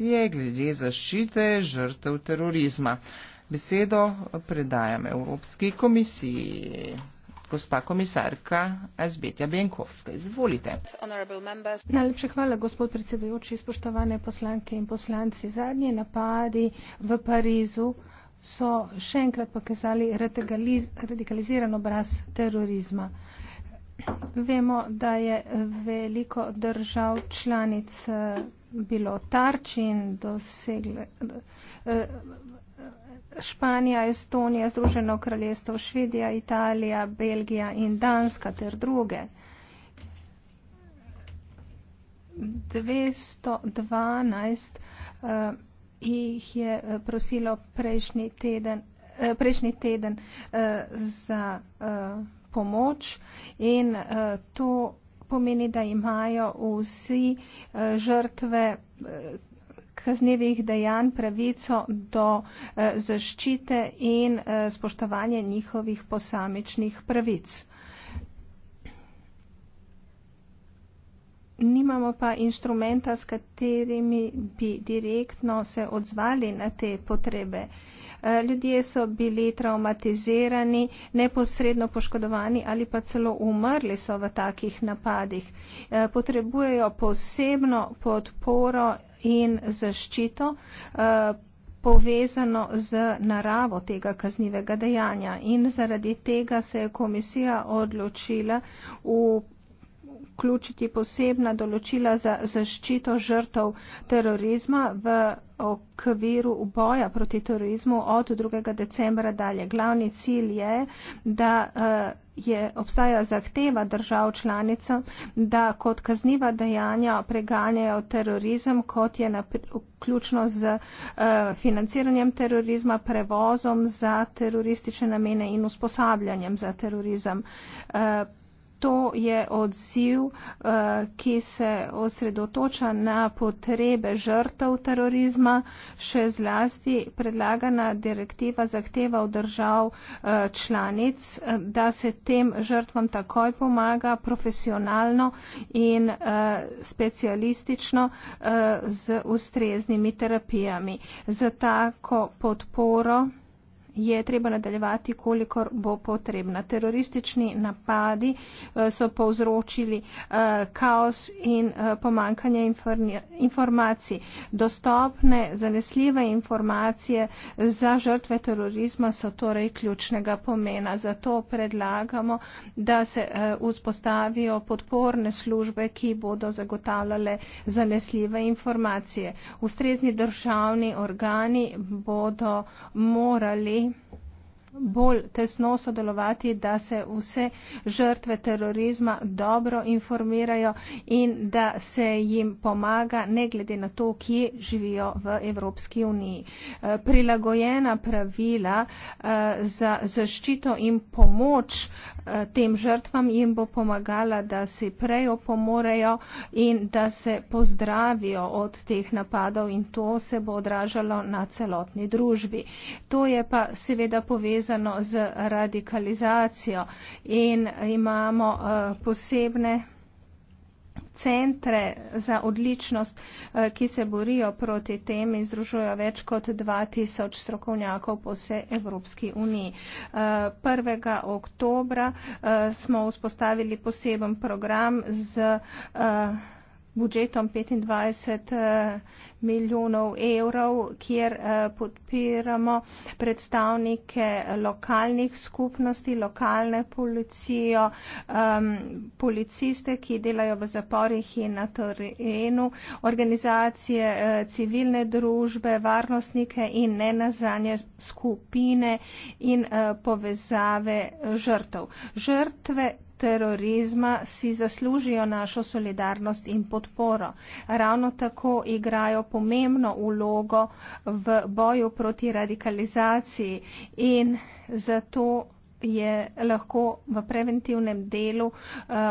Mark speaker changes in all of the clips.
Speaker 1: komisije glede zaščite žrtev terorizma. Besedo predajam Evropski komisiji. Gospa komisarka Azbetja Benkovska,
Speaker 2: izvolite. Najlepše hvala, gospod predsedujoči, spoštovane poslanke in poslanci. Zadnji napadi v Parizu so še enkrat pokazali radikaliziran obraz terorizma. Vemo, da je veliko držav članic eh, bilo tarč in dosegle. Eh, Španija, Estonija, Združeno kraljestvo, Švedija, Italija, Belgija in Danska ter druge. 212 uh, eh, jih je prosilo prejšnji teden, uh, prejšnji teden uh, za. Uh, pomoč in uh, to pomeni, da imajo vsi uh, žrtve. Uh, eh, kaznevih dejanj pravico do eh, zaščite in eh, spoštovanja njihovih posamičnih pravic. Nimamo pa instrumenta, s katerimi bi direktno se odzvali na te potrebe eh, Eh, ljudje so bili traumatizirani, neposredno poškodovani ali pa celo umrli so v takih napadih. Eh, potrebujejo posebno podporo in zaščito eh, povezano z naravo tega kaznivega dejanja. In zaradi tega se je komisija odločila v vključiti posebna določila za zaščito žrtov terorizma v okviru boja proti terorizmu od 2. decembra dalje. Glavni cilj je, da eh, je obstaja zahteva držav članica, da kot kazniva dejanja preganjajo terorizem, kot je vključno z eh, financiranjem terorizma, prevozom za teroristične namene in usposabljanjem za terorizem. Eh, To je odziv, eh, ki se osredotoča na potrebe žrtev terorizma, še zlasti predlagana direktiva zahteva od držav eh, članic, eh, da se tem žrtvam takoj pomaga profesionalno in specialistično z ustreznimi terapijami. Za tako podporo je treba nadaljevati, kolikor bo potrebna. Teroristični napadi eh, so povzročili eh, kaos in eh, pomankanje informacij. Dostopne, zanesljive informacije za žrtve terorizma so torej ključnega pomena. Zato predlagamo, da se vzpostavijo podporne službe, ki bodo zagotavljale zanesljive informacije. Ustrezni državni organi bodo morali bolj tesno sodelovati, da se vse žrtve terorizma dobro informirajo in da se jim pomaga, ne glede na to, kje živijo v Evropski uniji. Eh, prilagojena pravila eh, za zaščito in pomoč eh, tem žrtvam jim bo pomagala, da se prej opomorejo in da se pozdravijo od teh napadov in to se bo odražalo na celotni družbi. To je pa seveda povezano povezano z radikalizacijo in imamo eh, posebne centre za odličnost, eh, ki se borijo proti tem in združujo več kot 2000 strokovnjakov po vse Evropski uniji. 1. Eh, oktobra smo vzpostavili poseben program z budžetom 25 eh, milijonov evrov, kjer eh, podpiramo predstavnike lokalnih skupnosti, lokalne policijo, policiste, ki delajo v zaporih in na terenu, organizacije eh, civilne družbe, varnostnike in ne nazanje skupine in povezave žrtev. Žrtve terorizma si zaslužijo našo solidarnost in podporo. Ravno tako igrajo pomembno ulogo v boju proti radikalizaciji in zato je lahko v preventivnem delu uh,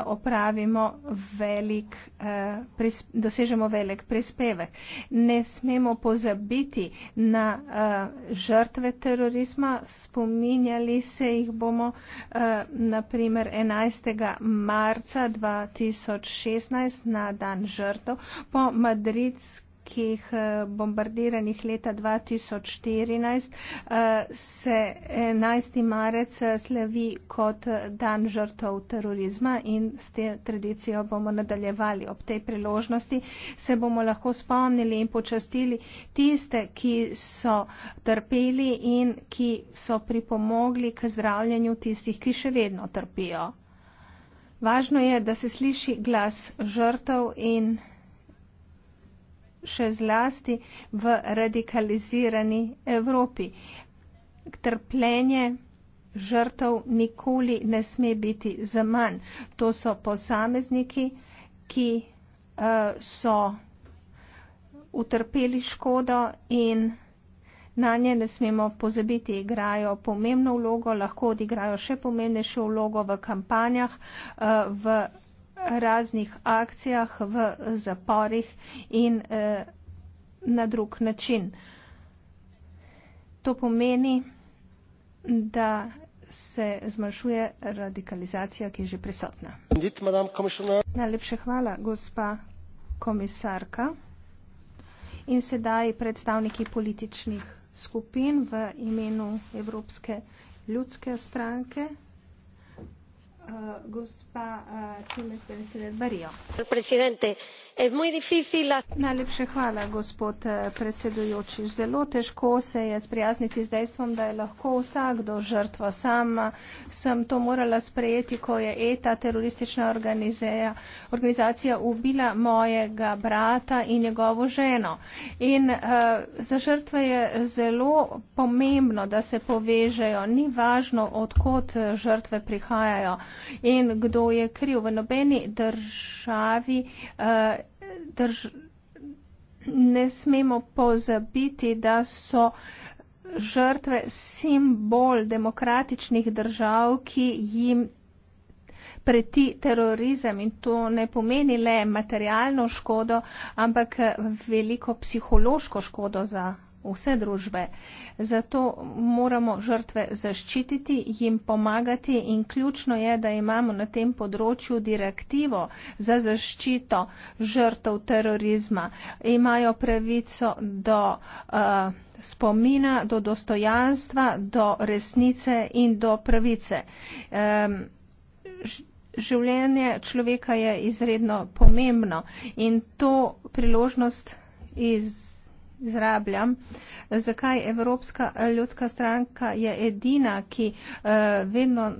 Speaker 2: opravimo velik, uh, pris, dosežemo velik prispevek. Ne smemo pozabiti na uh, žrtve terorizma, spominjali se jih bomo uh, naprimer 11. marca 2016 na dan žrtev po madridskem nekih eh, bombardiranih leta 2014 eh, se 11. marec eh, slavi kot dan žrtov terorizma in s te tradicijo bomo nadaljevali. Ob tej priložnosti se bomo lahko spomnili in počastili tiste, ki so trpeli in ki so pripomogli k zdravljenju tistih, ki še vedno trpijo. Važno je, da se sliši glas žrtev in še zlasti v radikalizirani Evropi. Trpljenje žrtev nikoli ne sme biti za manj. To so posamezniki, ki uh, so utrpeli škodo in na nje ne smemo pozabiti. Igrajo pomembno vlogo, lahko odigrajo še pomembnejšo vlogo v kampanjah, uh, v raznih akcijah v zaporih in eh, na drug način. To pomeni, da se zmanjšuje radikalizacija, ki je že prisotna. Najlepše hvala, gospa komisarka. In sedaj predstavniki političnih skupin v imenu Evropske ljudske stranke. Eh, eh, gospod eh, predsedujoči zelo težko se je sprijazniti z dejstvom da je lahko vsakdo žrtva sam sem to morala sprejeti ko je eta teroristična organizacija ubila mojega brata in njegovo ženo in uh, za žrtve je zelo pomembno da se povežejo ni važno odkot žrtve prihajajo in kdo je kriv. V nobeni državi eh, drž, ne smemo pozabiti, da so žrtve simbol demokratičnih držav, ki jim preti terorizem in to ne pomeni le materialno škodo, ampak veliko psihološko škodo za vse družbe. Zato moramo žrtve zaščititi, jim pomagati in ključno je, da imamo na tem področju direktivo za zaščito žrtev terorizma. Imajo pravico do uh, spomina, do dostojanstva, do resnice in do pravice. Um, Življenje človeka je izredno pomembno in to priložnost iz izrabljam, zakaj Evropska ljudska stranka je edina, ki uh, vedno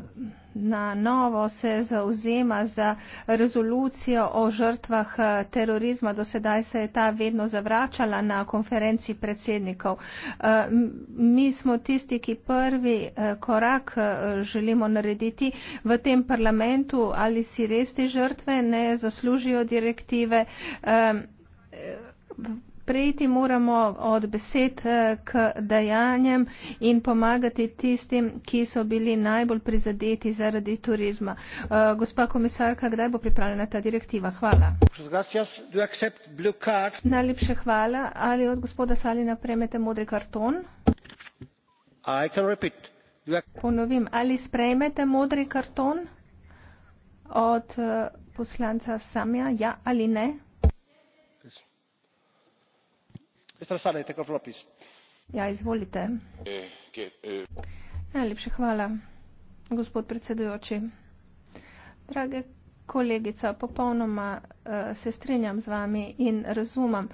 Speaker 2: na novo se zauzema za rezolucijo o žrtvah eh, terorizma. Do sedaj se je ta vedno zavračala na konferenci predsednikov. Eh, mi smo tisti, ki prvi korak želimo narediti v tem parlamentu, ali si res te žrtve ne zaslužijo direktive preiti moramo od besed eh, k dejanjem in pomagati tistim, ki so bili najbolj prizadeti zaradi turizma. Eh, gospa komisarka, kdaj bo pripravljena ta direktiva? Hvala. Najlepše hvala. Ali od gospoda Salina prejmete modri karton? Ponovim, ali sprejmete modri karton od eh, poslanca Samja, ja ali ne?
Speaker 3: Ja, e, e.
Speaker 2: najlepša hvala gospod predsedujoči draga kolegica popolnoma e, se strinjam z vami in razumem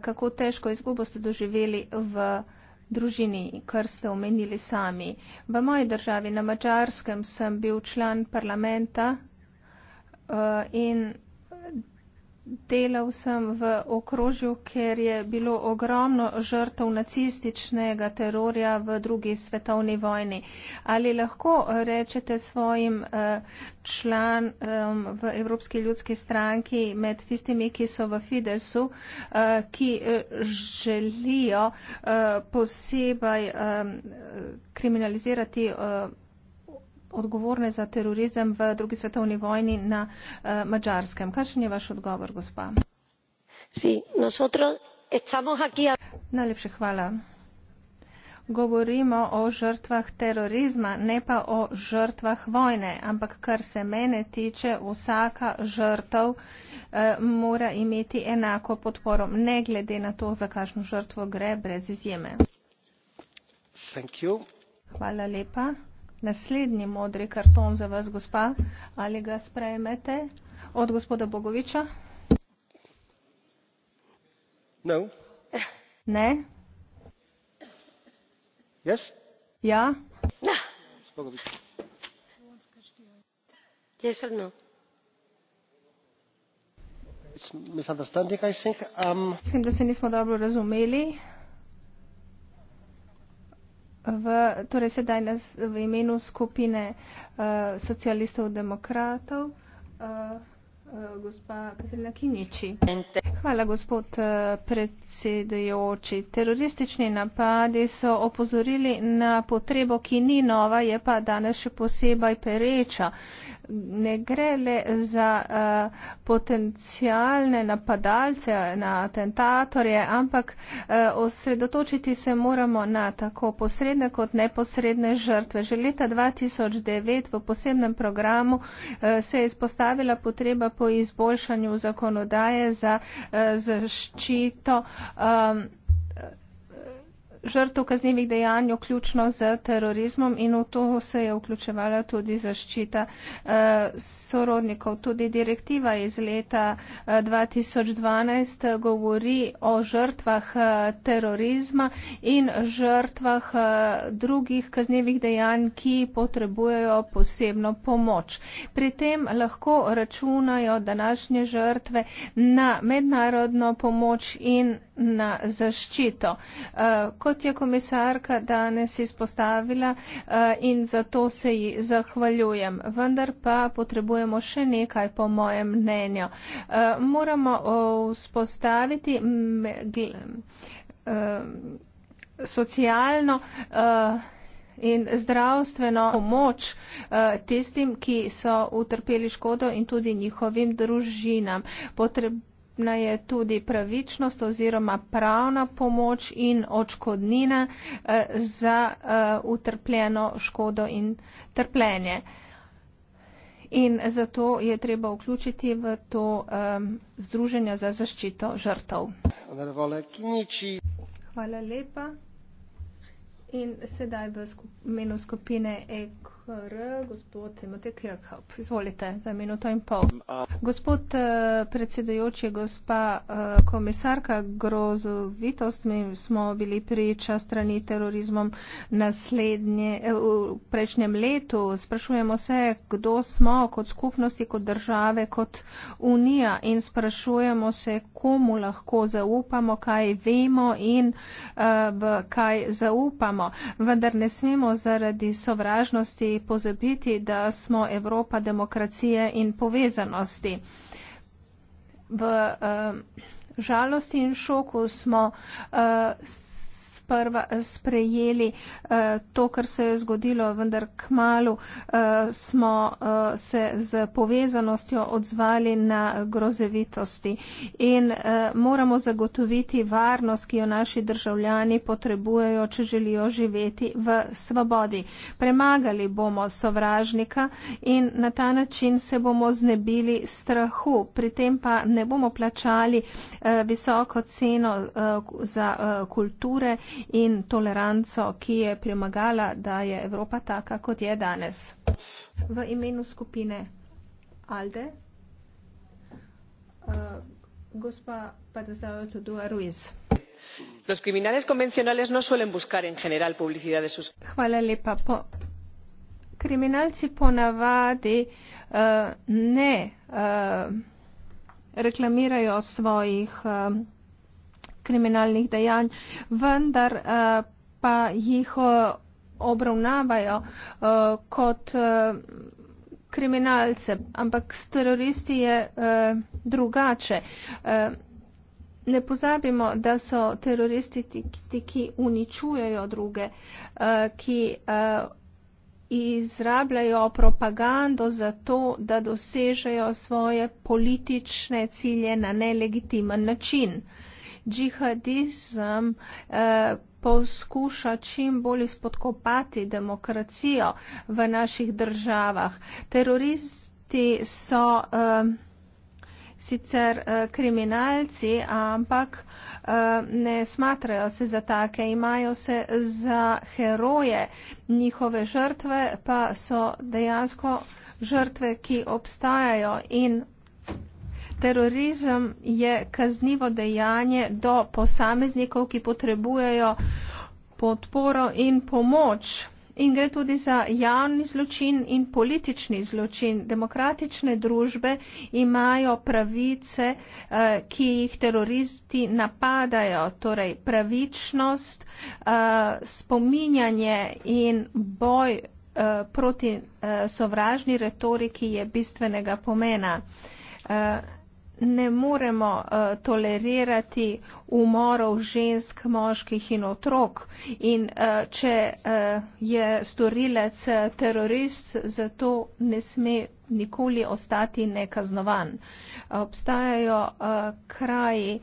Speaker 2: kako težko izgubo ste doživeli v družini kar ste omenili sami v moji državi na madžarskem sem bil član parlamenta in delal sem v okrožju, ker je bilo ogromno žrtev nacističnega terorja v drugi svetovni vojni. Ali lahko rečete svojim eh, članom v Evropski ljudski stranki, med tistimi, ki so v Fidesu, eh, ki eh, želijo posebej kriminalizirati odgovorne za terorizem v drugi svetovni vojni na eh, Mačarskem. Kakšen je vaš odgovor, gospa? Si, aquí... Najlepše hvala. Govorimo o žrtvah terorizma, ne pa o žrtvah vojne, ampak kar se mene tiče, vsaka žrtev eh, mora imeti enako podporo, ne glede na to, za kakšno žrtvo gre, brez izjeme. Hvala lepa naslednji modri karton za vas, gospa. Ali ga sprejmete od gospoda Bogoviča? No. Ne. Yes? Ja. Ja. Yes
Speaker 4: or no?
Speaker 3: It's misunderstanding, I think. Um...
Speaker 2: Mislim, da se nismo dobro razumeli. V, torej sedaj nas v imenu skupine uh, socialistov demokratov, uh, uh, gospa Katrina Kiniči. Hvala, gospod eh, predsedujoči. Teroristični napadi so opozorili na potrebo, ki ni nova, je pa danes še posebej pereča. Ne gre le za uh, eh, potencijalne napadalce na atentatorje, ampak uh, osredotočiti se moramo na tako posredne kot neposredne žrtve. Že leta 2009 v posebnem programu uh, se je izpostavila potreba po izboljšanju zakonodaje za uh, Eh, zaščito um, žrtev kaznjivih dejanj, vključno z terorizmom in v to se je vključevala tudi zaščita eh, sorodnikov. Tudi direktiva iz leta 2012 eh, govori o žrtvah eh, terorizma in žrtvah drugih kaznjivih dejanj, ki potrebujejo posebno pomoč. Pri tem lahko računajo današnje žrtve na mednarodno pomoč in na zaščito. Eh, kot je komisarka danes izpostavila eh, in zato se ji zahvaljujem, vendar pa potrebujemo še nekaj po mojem mnenju. Eh, moramo vzpostaviti socialno in zdravstveno pomoč tistim, ki so utrpeli škodo in tudi njihovim družinam. Potrebujemo potrebna je tudi pravičnost oziroma pravna pomoč in očkodnina eh, za eh, utrpljeno škodo in trpljenje. In zato je treba vključiti v to eh, Združenje za zaščito žrtev. Hvala lepa. In sedaj v imenu skupine EKO. HR, gospod Timotej Kirkhop. Izvolite za minuto in pol. Gospod eh, predsedujoči, gospa eh, komisarka, grozovitost, mi smo bili priča strani terorizmom naslednje, eh, v prejšnjem letu. Sprašujemo se, kdo smo kot skupnosti, kot države, kot unija in sprašujemo se, komu lahko zaupamo, kaj vemo in v kaj zaupamo. Vendar ne smemo zaradi sovražnosti pozabiti, da smo Evropa demokracije in povezanosti. V uh, žalosti in šoku smo uh, sprva, sprejeli eh, to, kar se je zgodilo, vendar k malu eh, smo eh, se z povezanostjo odzvali na grozevitosti. In moramo zagotoviti varnost, ki jo naši državljani potrebujejo, če želijo živeti v svobodi. Premagali bomo sovražnika in na ta način se bomo znebili strahu. Pri tem pa ne bomo plačali visoko ceno za kulture in toleranco, ki je premagala, da je Evropa taka, kot je danes. V imenu skupine Alde, uh, gospa Padezao Tudua Ruiz. Los criminales convencionales no suelen buscar en general publicidad de sus. Hvala lepa. Po... Kriminalci ponavadi uh, eh, ne uh, reklamirajo svojih. Uh, kriminalnih dejanj, vendar eh, pa jih eh, obravnavajo eh, kot kriminalce. Ampak s teroristi je drugače. Ne pozabimo, da so teroristi tisti, ki uničujejo druge, ki izrabljajo propagando za to, da dosežejo svoje politične cilje na nelegitimen način džihadizem eh, poskuša čim bolj spodkopati demokracijo v naših državah. Teroristi so eh, sicer eh, kriminalci, ampak ne smatrajo se za take, imajo se za heroje, njihove žrtve pa so dejansko žrtve, ki obstajajo in Terorizem je kaznivo dejanje do posameznikov, ki potrebujejo podporo in pomoč. In gre tudi za javni zločin in politični zločin. Demokratične družbe imajo pravice, eh, ki jih teroristi napadajo, torej pravičnost, eh, spominjanje in boj eh, proti eh, sovražni retoriki je bistvenega pomena. Eh, ne moremo uh, tolerirati umorov žensk, moških in otrok. In eh, če eh, je storilec eh, terorist, zato ne sme nikoli ostati nekaznovan. Obstajajo kraji,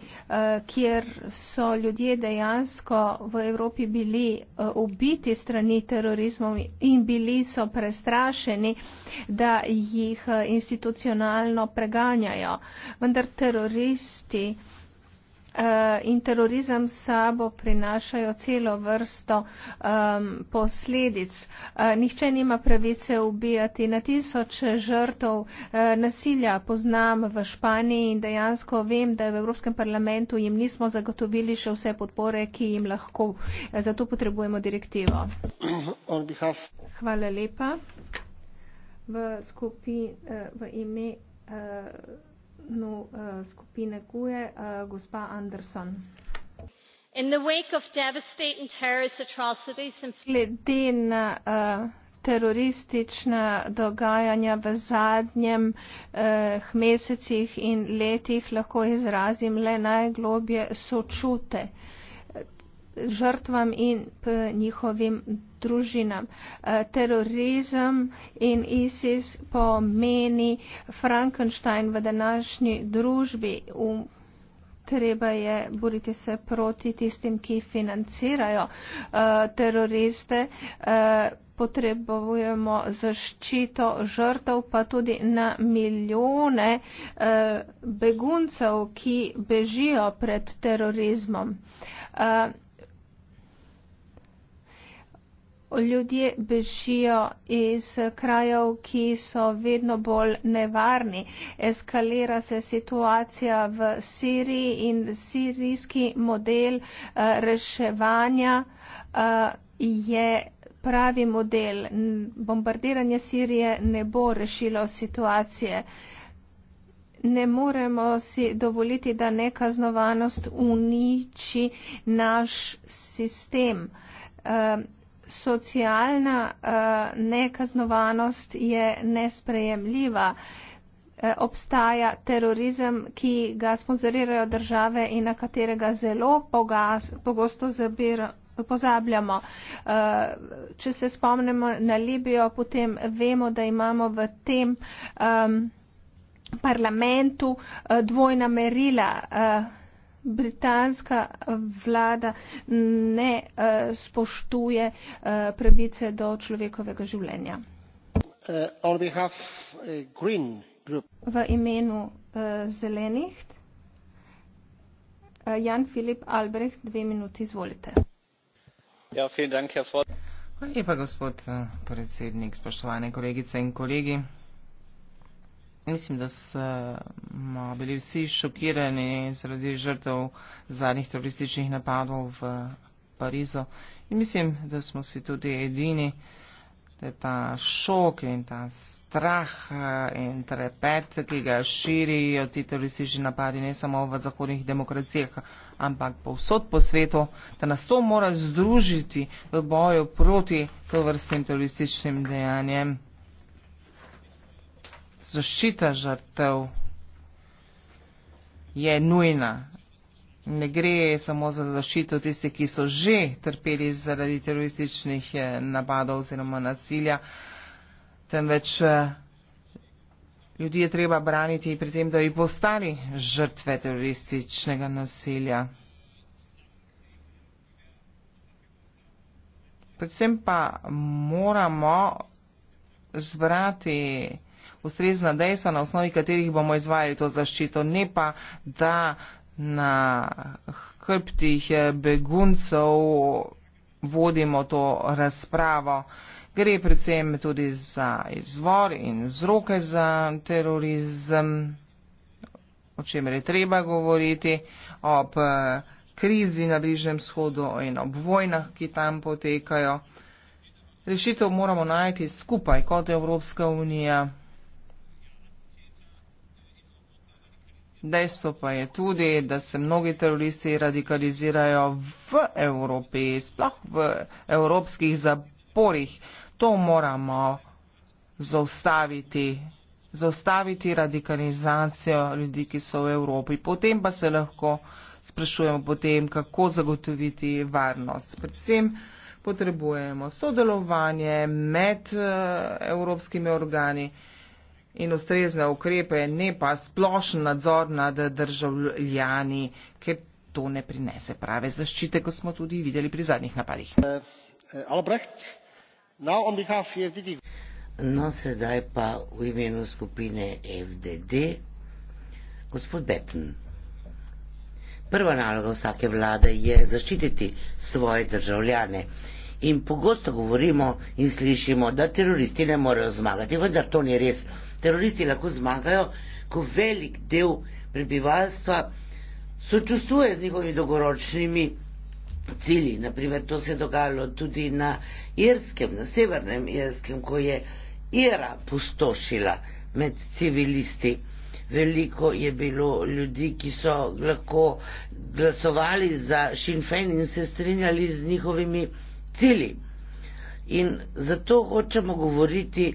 Speaker 2: kjer so ljudje dejansko v Evropi bili ubiti strani terorizmov in bili so prestrašeni, da jih institucionalno preganjajo. Vendar teroristi, Eh, in terorizem sabo prinašajo celo vrsto um, posledic. Uh, nihče nima pravice ubijati na tisoče žrtov uh, eh, nasilja. Poznam v Španiji in dejansko vem, da v Evropskem parlamentu jim nismo zagotovili še vse podpore, ki jim lahko. Zato potrebujemo direktivo. Hvala lepa. V skupi, uh, v ime, uh, no, uh, skupine GUE, uh, eh, gospa Anderson. Glede na uh, teroristična dogajanja v zadnjem uh, mesecih in letih lahko izrazim le najglobje sočute. Uh, žrtvam in njihovim družinam. Eh, terorizem in ISIS pomeni Frankenstein v današnji družbi. Um, treba je boriti se proti tistim, ki financirajo eh, teroriste. Eh, potrebujemo zaščito žrtev, pa tudi na milijone beguncev, ki bežijo pred terorizmom. ljudje bežijo iz krajev, ki so vedno bolj nevarni. Eskalira se situacija v Siriji in sirijski model eh, reševanja eh, je pravi model. Bombardiranje Sirije ne bo rešilo situacije. Ne moremo si dovoliti, da nekaznovanost uniči naš sistem. Eh, socialna uh, nekaznovanost je nesprejemljiva. Eh, obstaja terorizem, ki ga sponzorirajo države in na katerega zelo pogaz, pogosto zabir, pozabljamo. Eh, če se spomnimo na Libijo, potem vemo, da imamo v tem ehm, parlamentu dvojna merila britanska vlada ne uh, spoštuje uh, pravice do človekovega življenja.
Speaker 3: Uh, on behalf, uh, Green Group.
Speaker 2: V imenu uh, zelenih uh, Jan Filip Albrecht, dve minuti, izvolite. Ja, dank, Hvala lepa,
Speaker 1: gospod uh, predsednik, spoštovane kolegice in kolegi. Mislim, da smo bili vsi šokirani zaradi žrtev zadnjih terorističnih napadov v Parizu. In mislim, da smo si tudi edini, da je ta šok in ta strah eh, in trepet, ki ga širijo ti teroristični napadi ne samo v zahodnih demokracijah, ampak povsod po svetu, da nas to mora združiti v boju proti tovrstnim terorističnim dejanjem zaščita žrtev je nujna. Ne gre samo za zaščito tistih, ki so že trpeli zaradi terorističnih eh, napadov oziroma nasilja, temveč eh, ljudi je treba braniti pri tem, da bi postali žrtve terorističnega nasilja. Predvsem pa moramo zbrati ustrezna dejstva, na osnovi katerih bomo izvajali to zaščito, ne pa da na hrbtih eh, beguncev vodimo to razpravo. Gre predvsem tudi za izvor in vzroke za terorizem, o čemer je treba govoriti, ob eh, krizi na Bližnem shodu in ob vojnah, ki tam potekajo. Rešitev moramo najti skupaj kot Evropska unija. Dejstvo pa je tudi, da se mnogi teroristi radikalizirajo v Evropi, sploh v evropskih zaporih. To moramo zaustaviti. Zaustaviti radikalizacijo ljudi, ki so v Evropi. Potem pa se lahko sprašujemo, potem, kako zagotoviti varnost. Predvsem potrebujemo sodelovanje med eh, evropskimi organi in ustrezne ukrepe, ne pa splošen nadzor nad državljani, ker to ne prinese prave zaščite, kot smo tudi videli pri zadnjih napadih. Eh, eh,
Speaker 5: no, sedaj pa v imenu skupine FDD. Gospod Betten, prva naloga vsake vlade je zaščititi svoje državljane. In pogosto govorimo in slišimo, da teroristi ne morejo zmagati, vendar to ni res teroristi lahko zmagajo, ko velik del prebivalstva sočustvuje z njihovimi dolgoročnimi cilji. Naprimer, to se je dogajalo tudi na Irskem, na severnem Irskem, ko je Ira pustošila med civilisti. Veliko je bilo ljudi, ki so lahko glasovali za Sinn Fein in se strinjali z njihovimi cilji. In zato hočemo govoriti,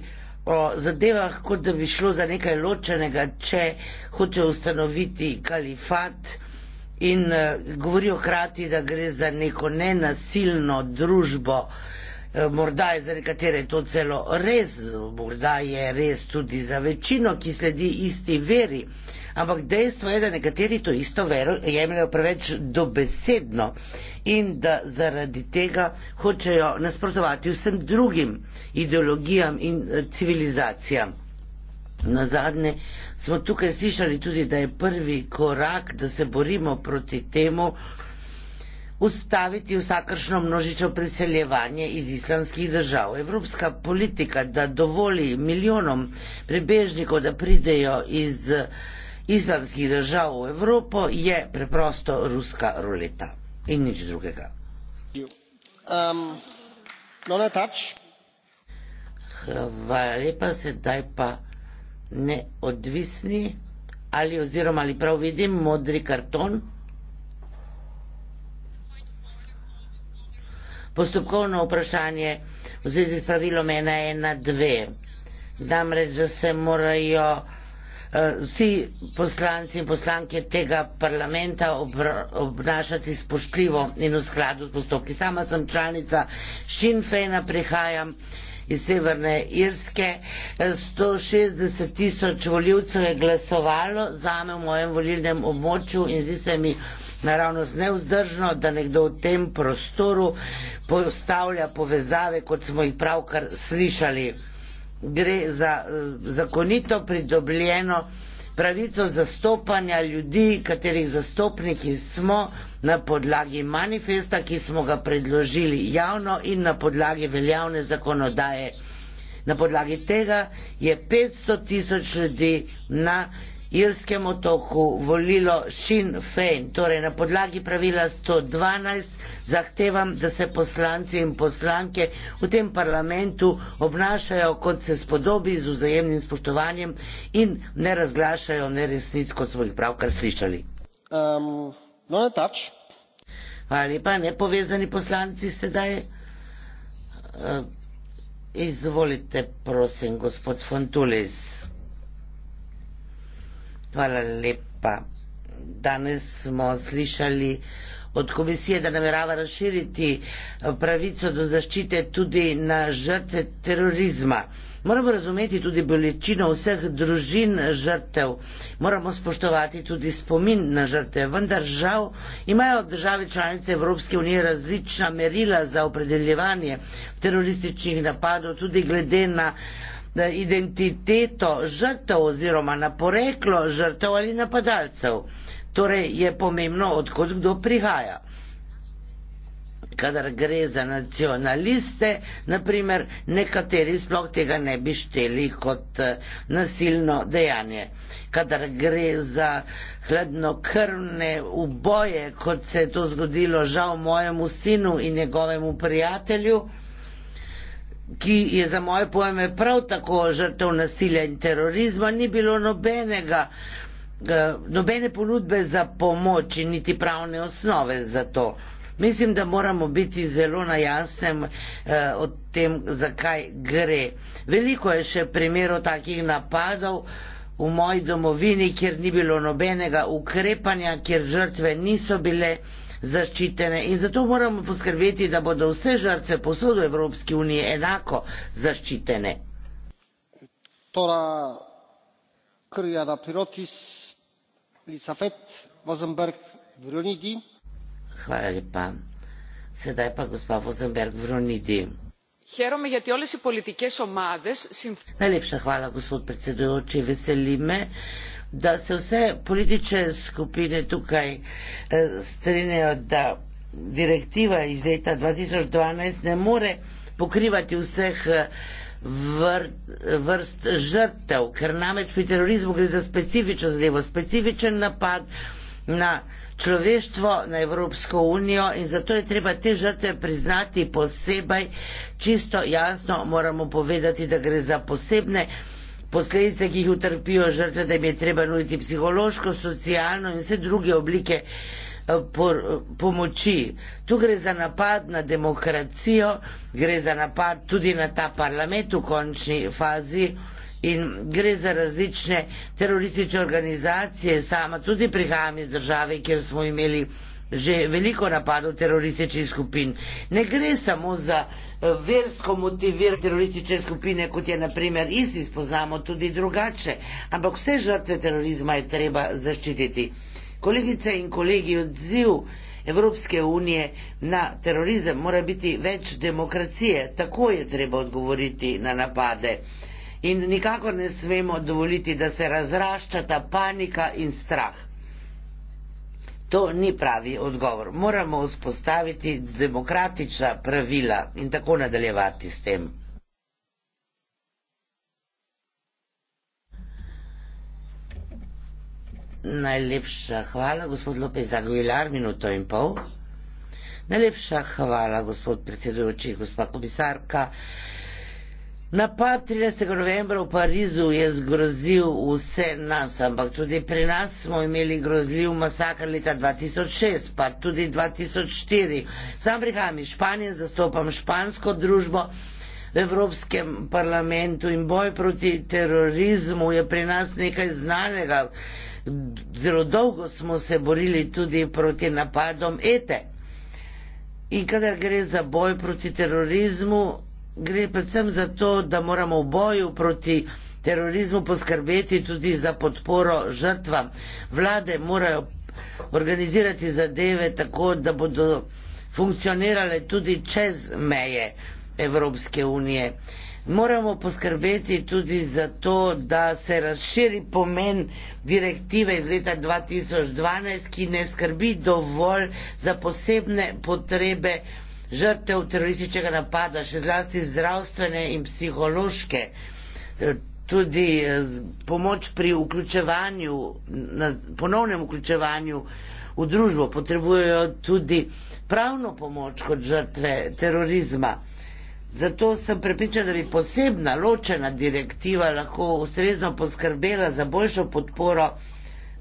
Speaker 5: o zadevah, kot da bi šlo za nekaj ločenega, če hoče ustanoviti kalifat in eh, govorijo krati, da gre za neko nenasilno družbo. Eh, morda je za nekatere to celo res, morda je res tudi za večino, ki sledi isti veri ampak dejstvo je, da nekateri to isto vero jemljajo preveč dobesedno in da zaradi tega hočejo nasprotovati vsem drugim ideologijam in eh, civilizacijam. Na zadnje smo tukaj slišali tudi, da je prvi korak, da se borimo proti temu, ustaviti vsakršno množično preseljevanje iz islamskih držav. Evropska politika, da dovoli milijonom prebežnikov, da pridejo iz uh, islamskih držav v Evropo je preprosto ruska ruleta in nič drugega. Um, Hvala lepa, sedaj pa neodvisni ali oziroma ali prav vidim modri karton. Postopkovno vprašanje v zvezi s pravilom ena ena dve. Namreč, da se morajo Eh, vsi poslanci in poslanke tega parlamenta obnašati spoštljivo in v skladu s postopki. Sama sem članica Šinfejna, prihajam iz Severne Irske. 160 eh, tisoč voljivcev je glasovalo za me v mojem volilnem območju in zdi se mi naravno neuzdržno, da nekdo v tem prostoru postavlja povezave, kot smo jih pravkar slišali gre za eh, zakonito pridobljeno pravico zastopanja ljudi, katerih zastopniki smo na podlagi manifesta, ki smo ga predložili javno in na podlagi veljavne zakonodaje. Na podlagi tega je 500 tisoč ljudi na Irskem otoku volilo Sinn Fein, torej na podlagi pravila 112 zahtevam, da se poslanci in poslanke v tem parlamentu obnašajo, kot se spodobi, z vzajemnim spoštovanjem in ne razglašajo neresnic, kot smo jih pravkar slišali. Um, no, ne tač. Hvala lepa, nepovezani poslanci sedaj. Uh, izvolite, prosim, gospod Fontulis. Hvala lepa. Danes smo slišali od komisije, da namerava razširiti eh, pravico do zaščite tudi na žrtve terorizma. Moramo razumeti tudi bolečino vseh družin žrtev, moramo spoštovati tudi spomin na žrtve, vendar žal imajo države članice Evropske unije različna merila za opredeljevanje terorističnih napadov, tudi glede na na identiteto žrtev oziroma na poreklo žrtev ali napadalcev. Torej je pomembno, odkud kdo prihaja. Kadar gre za nacionaliste, naprimer, nekateri sploh tega ne bi šteli kot eh, nasilno dejanje. Kadar gre za hladnokrvne uboje, kot se je to zgodilo žal mojemu sinu in njegovemu prijatelju, ki je za moje pojme prav tako žrtev nasilja in terorizma, ni bilo nobenega, eh, nobene ponudbe za pomoč in niti pravne osnove za to. Mislim, da moramo biti zelo na jasnem eh, o tem, zakaj gre. Veliko je še primerov takih napadov v moji domovini, kjer ni bilo nobenega ukrepanja, kjer žrtve niso bile eh, zaščitene in zato moramo poskrbeti, da bodo vse žrtve posod v Evropski uniji enako zaščitene.
Speaker 3: Tora Krjana Pirotis, Elisabeth Vozenberg, Vronidi.
Speaker 5: Hvala lepa. Sedaj pa gospa Vozenberg, Vronidi. Najlepša hvala, gospod predsedujoči. Veseli me, da se vse politične skupine tukaj eh, strinjajo, da direktiva iz leta 2012 ne more pokrivati vseh eh, vrst žrtev, ker namreč pri terorizmu gre za specifično zadevo, specifičen napad na človeštvo, na Evropsko unijo in zato je treba te žrtve priznati posebej, čisto jasno moramo povedati, da gre za posebne Posledice, ki jih utrpijo žrtve, da jim je treba nuditi psihološko, socijalno in vse druge oblike eh, pomoči. Tu gre za napad na demokracijo, gre za napad tudi na ta parlament v končni fazi in gre za različne teroristične organizacije. Sama tudi prihajam iz države, kjer smo imeli že veliko napadov terorističnih skupin. Ne gre samo za versko motivirane teroristične skupine, kot je naprimer ISIS, poznamo tudi drugače. Ampak vse žrtve terorizma je treba zaščititi. Kolegice in kolegi, odziv Evropske unije na terorizem mora biti več demokracije, tako je treba odgovoriti na napade. In nikakor ne smemo dovoliti, da se razraščata panika in strah. To ni pravi odgovor. Moramo vzpostaviti demokratična pravila in tako nadaljevati s tem. Najlepša hvala, gospod Lopez Aguilar, minuto in pol. Najlepša hvala, gospod predsedujoči, gospa komisarka. Napad 13. novembra v Parizu je zgrozil vse nas, ampak tudi pri nas smo imeli grozljiv masakr leta 2006, pa tudi 2004. Sam prihajam iz Španije, zastopam špansko družbo v Evropskem parlamentu in boj proti terorizmu je pri nas nekaj znanega. Zelo dolgo smo se borili tudi proti napadom ETE. In kadar gre za boj proti terorizmu, gre predvsem za to, da moramo v boju proti terorizmu poskrbeti tudi za podporo žrtvam. Vlade morajo organizirati zadeve tako, da bodo funkcionirale tudi čez meje Evropske unije. Moramo poskrbeti tudi za to, da se razširi pomen direktive iz leta 2012, ki ne skrbi dovolj za posebne potrebe žrtev terorističnega napada, še zlasti zdravstvene in psihološke, eh, tudi eh, pomoč pri vključevanju, na ponovnem vključevanju v družbo, potrebujejo tudi pravno pomoč kot žrtve terorizma. Zato sem prepričan, da bi posebna ločena direktiva lahko ustrezno poskrbela za boljšo podporo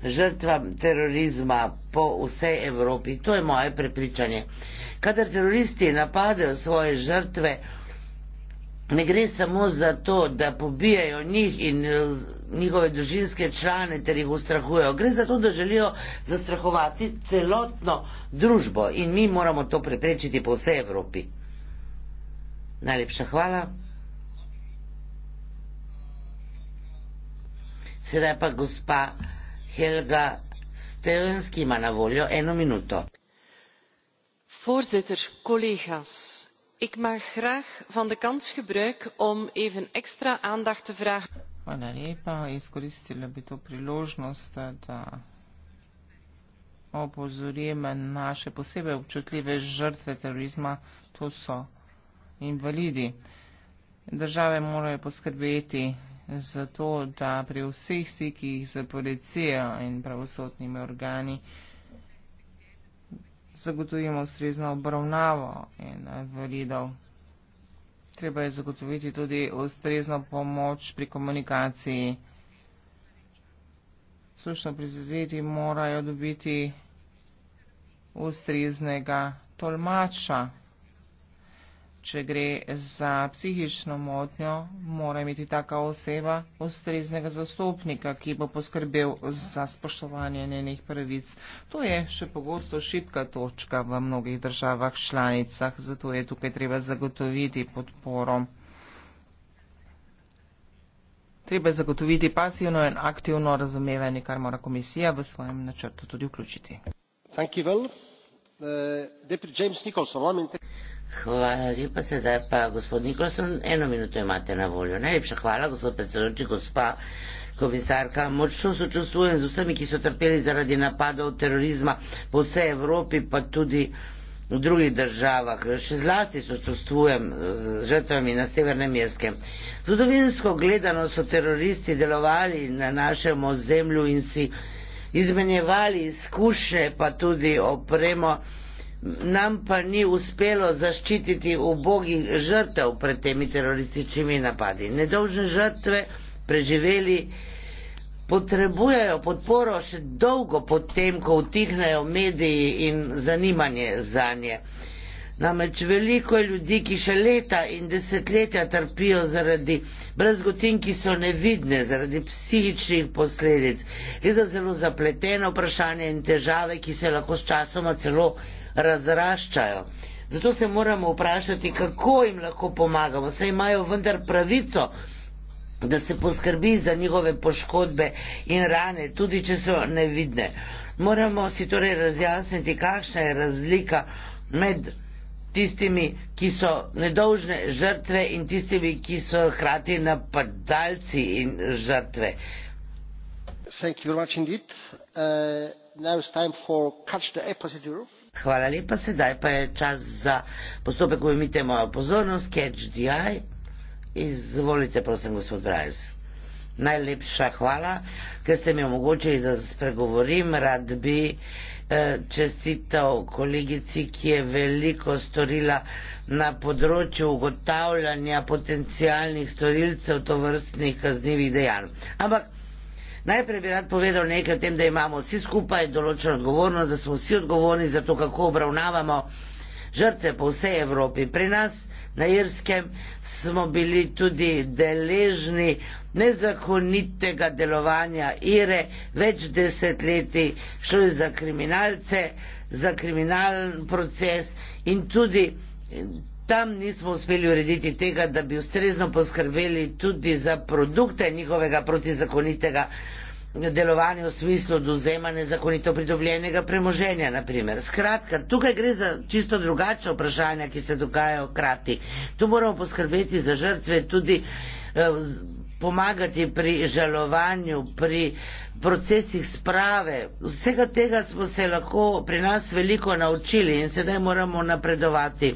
Speaker 5: žrtvam terorizma po vsej Evropi. To je moje prepričanje kadar teroristi napadajo svoje žrtve, ne gre samo za to, da pobijajo njih in eh, njihove družinske člane ter jih ustrahujejo. Gre za to, da želijo zastrahovati celotno družbo in mi moramo to preprečiti po vsej Evropi. Najlepša hvala. Sedaj pa gospa Helga Stevenski ima na voljo eno minuto
Speaker 4: voorzitter collega's ik maak graag van de kans gebruik om even extra aandacht te vragen
Speaker 1: opozorim naše posebej občutljive žrtve terorizma, to so invalidi. Države morajo poskrbeti za to, da pri vseh stikih z policijo in pravosodnimi organi zagotovimo ustrezno obravnavo invalidov. Eh, Treba je zagotoviti tudi ustrezno pomoč pri komunikaciji. Slušno prizadeti morajo dobiti ustreznega tolmača. Če gre za psihično motnjo, mora imeti taka oseba ustreznega zastopnika, ki bo poskrbel za spoštovanje njenih pravic. To je še pogosto šipka točka v mnogih državah članicah, zato je tukaj treba zagotoviti podporo. Treba zagotoviti pasivno in aktivno razumevanje, kar mora komisija v svojem načrtu tudi vključiti.
Speaker 5: Hvala. Uh, Hvala lepa, sedaj pa gospod Nikolson, eno minuto imate na voljo. Najlepša hvala, gospod predsedujoči, gospa komisarka. Močno sočustvujem z vsemi, ki so trpeli zaradi napadov terorizma po vsej Evropi, pa tudi v drugih državah. Še zlasti sočustvujem z žrtvami na Severnem Jerskem. Zgodovinsko gledano so teroristi delovali na našem ozemlju in si izmenjevali izkušnje, pa tudi opremo nam pa ni uspelo zaščititi ubogih žrtev pred temi terorističnimi napadi. Nedolžne žrtve preživeli potrebujejo podporo še dolgo potem, ko utihnejo mediji in zanimanje za nje. Namreč veliko je ljudi, ki še leta in desetletja trpijo zaradi brezgotin, ki so nevidne, zaradi psihičnih posledic. Gre za zelo zapleteno vprašanje in težave, ki se lahko s časoma celo razraščajo. Zato se moramo vprašati, kako jim lahko pomagamo. Saj imajo vendar pravico, da se poskrbi za njihove poškodbe in rane, tudi če so nevidne. Moramo si torej razjasniti, kakšna je razlika med tistimi, ki so nedolžne žrtve in tistimi, ki so hkrati napadalci in žrtve. Uh, Hvala. Hvala lepa, sedaj pa je čas za postopek, ko imite mojo pozornost, Catch the Eye. Izvolite, prosim, gospod Brajls. Najlepša hvala, ker ste mi omogočili, da spregovorim. Rad bi eh, čestital kolegici, ki je veliko storila na področju ugotavljanja potencijalnih storilcev tovrstnih kaznjivih dejanj. Ampak Najprej bi rad povedal nekaj o tem, da imamo vsi skupaj določeno odgovornost, da smo vsi odgovorni za to, kako obravnavamo žrtve po vsej Evropi. Pri nas na Irskem smo bili tudi deležni nezakonitega delovanja Ire več desetletij, šlo je za kriminalce, za kriminalen proces in tudi Tam nismo uspeli urediti tega, da bi ustrezno poskrbeli tudi za produkte njihovega protizakonitega delovanja v smislu dozema nezakonito pridobljenega premoženja, naprimer. Skratka, tukaj gre za čisto drugačne vprašanja, ki se dogajajo krati. Tu moramo poskrbeti za žrtve tudi eh, pomagati pri žalovanju, pri procesih sprave. Vsega tega smo se lahko pri nas veliko naučili in sedaj moramo napredovati.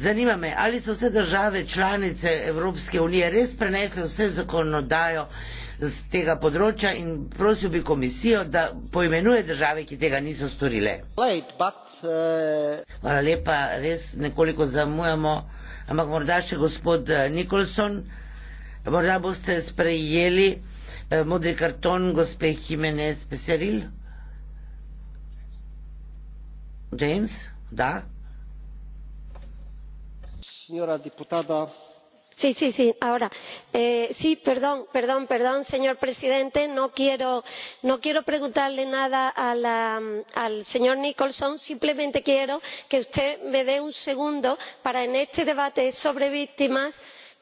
Speaker 5: Zanima me, ali so vse države članice Evropske unije res prenesle vse zakonodajo z tega področja in prosil bi komisijo, da poimenuje države, ki tega niso storile. Eh, Hvala lepa, res nekoliko zamujamo, ampak morda še gospod eh, Nikolson, morda boste sprejeli eh, modri karton gospe Jimenez Peseril. James, da?
Speaker 3: señora diputada
Speaker 5: eh, señor presidente no quiero no preguntarle nada al señor nicholson simplemente quiero que usted me dé un segundo para en este debate sobre víctimas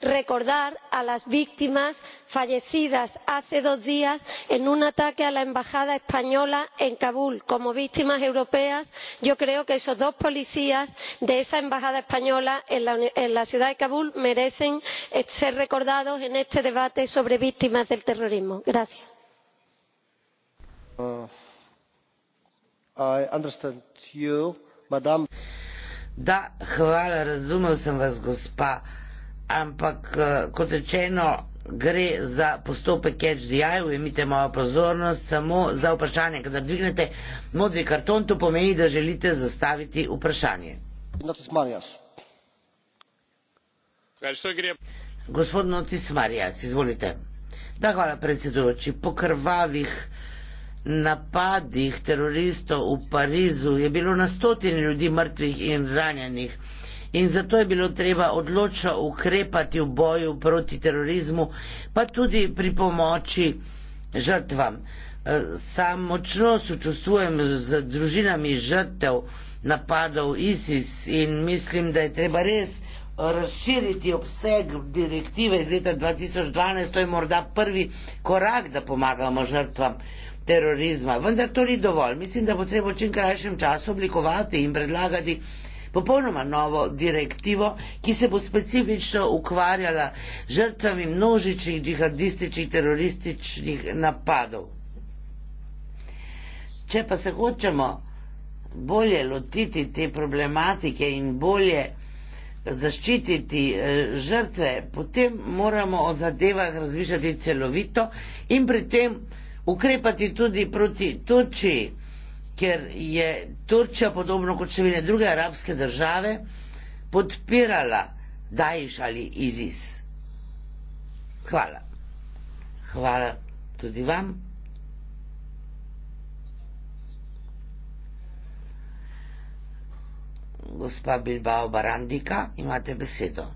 Speaker 5: recordar a las víctimas fallecidas hace dos días en un ataque a la embajada española en kabul. como víctimas europeas yo creo que esos dos policías de esa embajada española en la ciudad de kabul merecen eh, ser recordados en este debate sobre víctimas del terrorismo ampak eh, kot rečeno, gre za postopek HDI, ujemite mojo pozornost samo za vprašanje. Kadar dvignete modri karton, to pomeni, da želite zastaviti vprašanje. Ja, Gospod Notis Marijas, izvolite. Da, hvala predsedujoči. Po krvavih napadih teroristov v Parizu je bilo na stotine ljudi mrtvih in ranjenih in zato je bilo treba odločno ukrepati v boju proti terorizmu, pa tudi pri pomoči žrtvam. E, sam močno sočustvujem z družinami žrtev napadov ISIS in mislim, da je treba res razširiti obseg direktive iz leta 2012, to je morda prvi korak, da pomagamo žrtvam terorizma. Vendar to ni dovolj. Mislim, da bo treba v čim krajšem času oblikovati in predlagati popolnoma novo direktivo, ki se bo specifično ukvarjala žrtvami množičnih džihadističnih terorističnih napadov. Če pa se hočemo bolje lotiti te problematike in bolje zaščititi eh, žrtve, potem moramo o zadevah razmišljati celovito in pri tem ukrepati tudi proti točki ker je Turčija, podobno kot številne druge arabske države, podpirala Dajš ali Iziz. Hvala. Hvala tudi vam. Gospa Bilbao Barandika, imate besedo.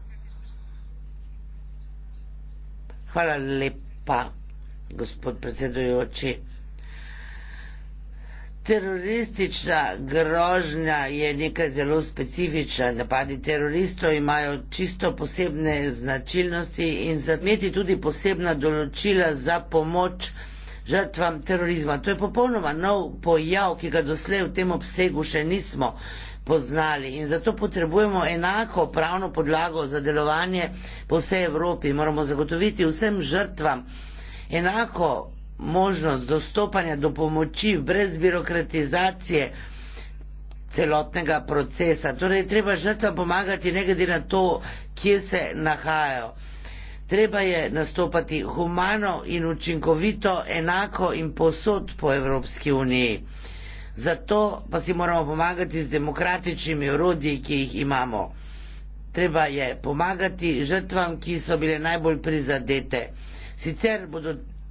Speaker 5: Hvala lepa, gospod predsedujoči. Teroristična grožnja je nekaj zelo specifičnega. Napadi teroristov imajo čisto posebne značilnosti in zameti tudi posebna določila za pomoč žrtvam terorizma. To je popolnoma nov pojav, ki ga doslej v tem obsegu še nismo poznali in zato potrebujemo enako pravno podlago za delovanje po vsej Evropi. Moramo zagotoviti vsem žrtvam enako možnost dostopanja do pomoči brez birokratizacije celotnega procesa. Torej, treba žrtvam pomagati ne glede na to, kje se nahajajo. Treba je nastopati humano in učinkovito, enako in posod po Evropski uniji. Zato pa si moramo pomagati z demokratičnimi urodji, ki jih imamo. Treba je pomagati žrtvam, ki so bile najbolj prizadete. Sicer bodo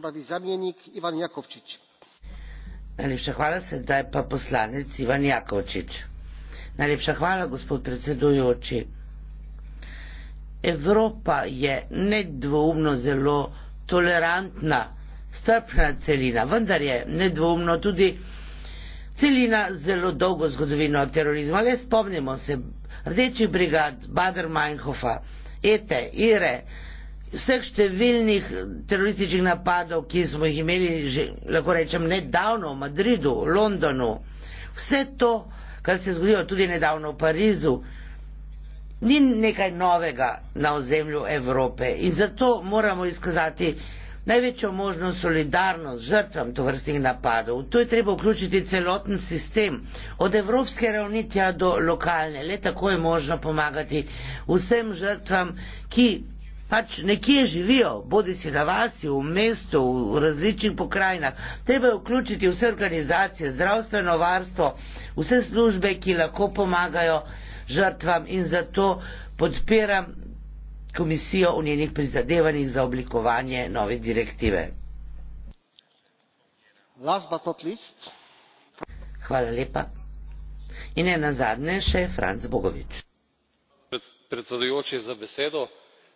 Speaker 3: spoštovani zamjenik Ivan Jakovčić.
Speaker 5: Najlepša hvala, sedaj pa poslanec Ivan Jakovčić. Najlepša hvala, gospod predsedujoči. Evropa je nedvoumno zelo tolerantna, strpna celina, vendar je nedvoumno tudi celina zelo dolgo zgodovino terorizma. Le spomnimo se rdečih brigad, Bader Meinhofa, Ete, Ire, vseh številnih terorističnih napadov, ki smo jih imeli že, lahko rečem, nedavno v Madridu, v Londonu, vse to, kar se je zgodilo tudi nedavno v Parizu, ni nekaj novega na ozemlju Evrope in zato moramo izkazati največjo možno solidarnost žrtvam tovrstnih napadov. To je treba vključiti celoten sistem, od evropske ravni tja do lokalne. Le tako je možno pomagati vsem žrtvam, ki pač nekje živijo, bodi si na vasi, v mestu, v različnih pokrajinah. Treba je vključiti vse organizacije, zdravstveno varstvo, vse službe, ki lahko pomagajo žrtvam in zato podpiram komisijo v njenih prizadevanjih za oblikovanje nove direktive. Hvala lepa. In ena zadnje še Franc Bogovič.
Speaker 3: Predsedujoči
Speaker 6: za besedo.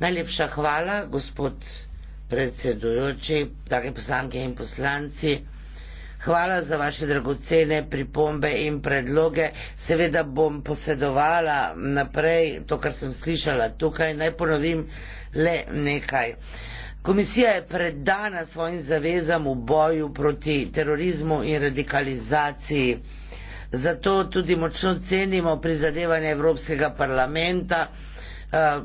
Speaker 5: Najlepša hvala, gospod predsedujoči, drage poslanke in poslanci. Hvala za vaše dragocene pripombe in predloge. Seveda bom posedovala naprej to, kar sem slišala tukaj. Naj ponovim le nekaj. Komisija je predana svojim zavezam v boju proti terorizmu in radikalizaciji. Zato tudi močno cenimo prizadevanje Evropskega parlamenta, eh,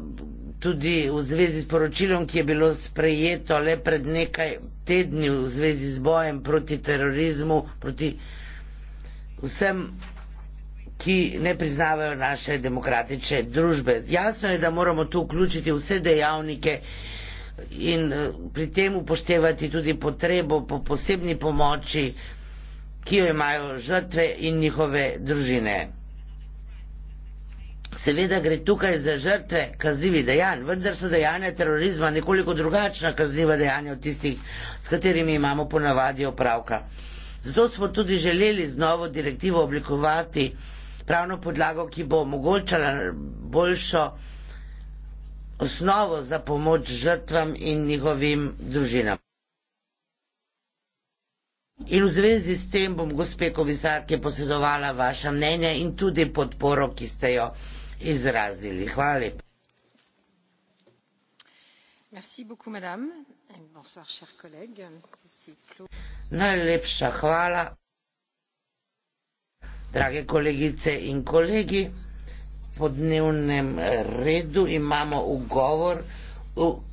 Speaker 5: tudi v zvezi s poročilom, ki je bilo sprejeto le pred nekaj tedni v zvezi z bojem proti terorizmu, proti vsem, ki ne priznavajo naše demokratične družbe. Jasno je, da moramo tu vključiti vse dejavnike in eh, pri tem upoštevati tudi potrebo po posebni pomoči, ki jo imajo žrtve in njihove družine. Seveda gre tukaj za žrtve kaznjivih dejanj, vendar so dejanja terorizma nekoliko drugačna kaznjiva dejanja od tistih, s katerimi imamo ponavadi opravka. Zato smo tudi želeli z novo direktivo oblikovati pravno podlago, ki bo omogočala boljšo osnovo za pomoč žrtvam in njihovim družinam. In v zvezi s tem bom gospe komisarke posedovala vaše mnenje in tudi podporo, ki ste jo izrazili. Hvala lepa.
Speaker 4: Merci beaucoup, madame. Et bonsoir, chers collègues. Ceci clôt.
Speaker 5: Najlepša hvala, drage kolegice in kolegi. Po dnevnem redu imamo ugovor,